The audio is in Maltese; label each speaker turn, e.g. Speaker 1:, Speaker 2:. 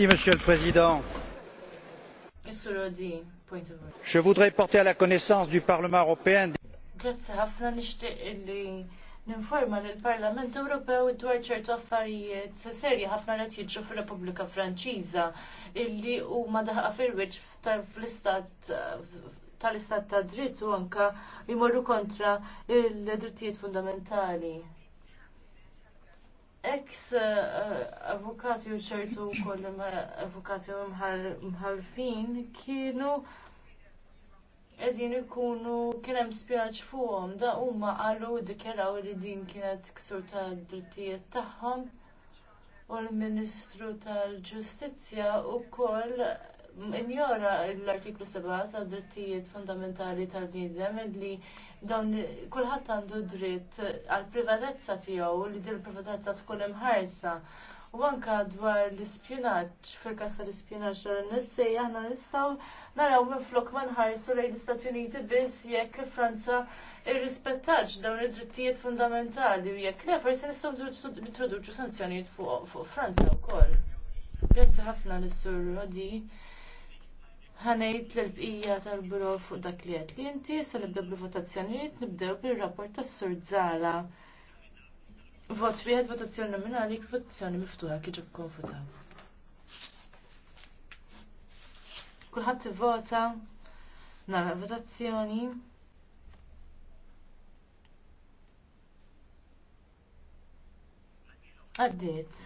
Speaker 1: Monsieur le Président, je voudrais porter à la connaissance du Parlement européen.
Speaker 2: Grazie ħafna nixtieq illi ninforma li l-Parlament Ewropew dwar ċertu affarijiet serji ħafna qed jiġu fir-Repubblika Franċiża illi huma daħqa fil-wiċċ fl-istat tal-istat ta' dritt u anka jmorru kontra l drittijiet fundamentali. Eh, eh, avukati u ċertu koll avukati u mħalfin kienu edin ikunu kienem spjaċ fuqom da huma qalu dikjaraw li din kienet ksur ta' drittijiet tagħhom u l-Ministru tal-Ġustizzja u koll Injora l-artiklu 7 ta' drittijiet fundamentali tal-bniedem li dawn kulħadd għandu dritt għal privatezza tiegħu li din privatezza tkun imħarsa. U anka dwar l-ispjunaġġ, fil-każ tal-ispjunaġġ dwar n-nissej aħna nistgħu naraw minflok ma nħarsu lejn l-Istati Uniti biss jekk il-Franza irrispettax dawn id-drittijiet fundamentali u jekk le forsi nistgħu introduċu sanzjonijiet fuq Franza wkoll. Grazzi ħafna l-Sur Rodi ħanejt l-bqija tal-buro fuq dak li għedt li inti sal-ibda bl-votazzjonijiet nibdew bil-rapport tas sur Zala. Vot wieħed votazzjoni nominali votazzjoni miftuħa kieġu konfutaw. Kulħadd ivvota nara votazzjoni. Għaddiet.